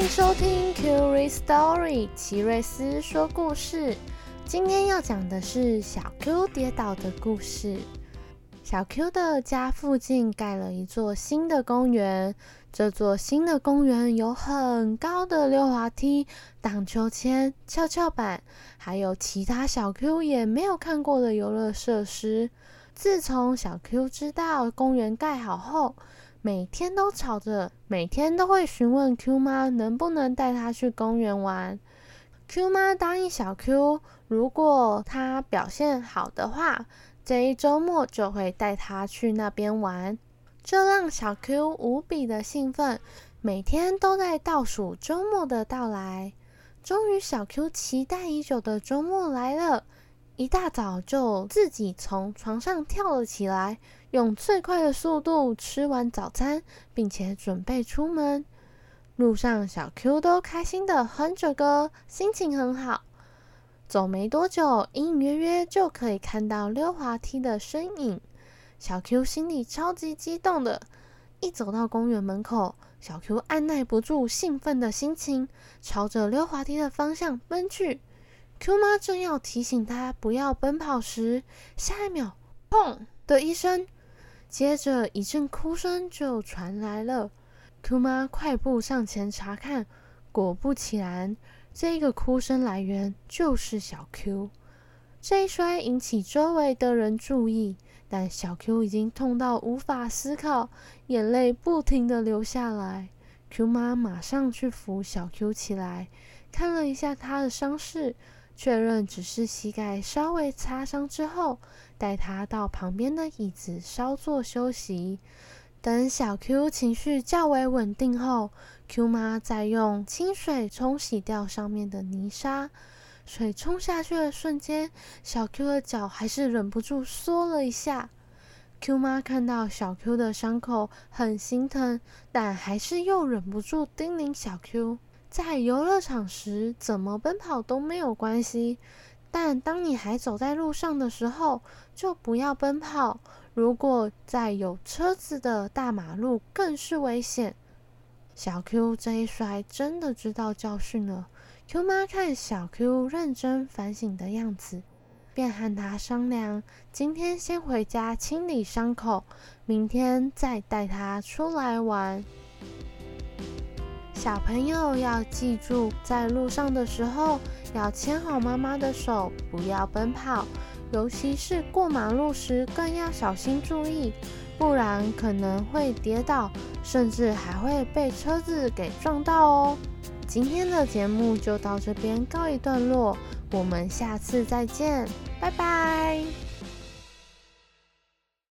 歡迎收聽《Curious Story》，奇瑞斯說故事。今天要講的是小 Q 跌倒的故事。小 Q 的家附近蓋了一座新的公園，這座新的公園有很高的溜滑梯、盪秋千、蹺蹺板，還有其他小 Q 也沒有看過的遊樂設施。自從小 Q 知道公園蓋好後，每天都吵着，每天都會詢問 Q 媽能不能帶她去公園玩。Q 媽答應小 Q，如果他表現好的話，這一周末就會帶他去那邊玩。這讓小 Q 無比的興奮，每天都在倒數周末的到來。終於，小 Q 期待已久的周末來了。一大早就自己從床上跳了起來，用最快的速度吃完早餐，並且準備出門。路上，小 Q 都開心的哼着歌，心情很好。走沒多久，隱隱約約就可以看到溜滑梯的身影。小 Q 心裡超級激動的，一走到公園門口，小 Q 按捺不住興奮的心情，朝着溜滑梯的方向奔去。Q 媽正要提醒他不要奔跑時，下一秒“砰”的一聲，接着一陣哭聲就傳來了。Q 媽快步上前查看，果不其然，這個哭聲來源就是小 Q。這一摔引起周圍的人注意，但小 Q 已經痛到無法思考，眼淚不停地流下來。Q 媽馬上去扶小 Q 起來，看了一下他的傷勢。確認只是膝蓋稍微擦傷之後，帶他到旁邊的椅子稍作休息。等小 Q 情緒較為穩定後，Q 媽再用清水沖洗掉上面的泥沙。水沖下去的瞬間，小 Q 的腳還是忍不住縮了一下。Q 媽看到小 Q 的傷口很心疼，但還是又忍不住叮嚀小 Q。在遊樂場時，怎麼奔跑都沒有關係，但當你還走在路上的時候，就不要奔跑。如果在有車子的大馬路，更是危險。小 Q 這一摔，真的知道教訓了。Q 媽看小 Q 認真反省的樣子，便和他商量：今天先回家清理傷口，明天再帶他出來玩。小朋友要記住，在路上的時候要牽好媽媽的手，不要奔跑，尤其是過馬路時更要小心注意，不然可能會跌倒，甚至還會被車子給撞到哦。今天的節目就到這邊告一段落，我們下次再見，拜拜。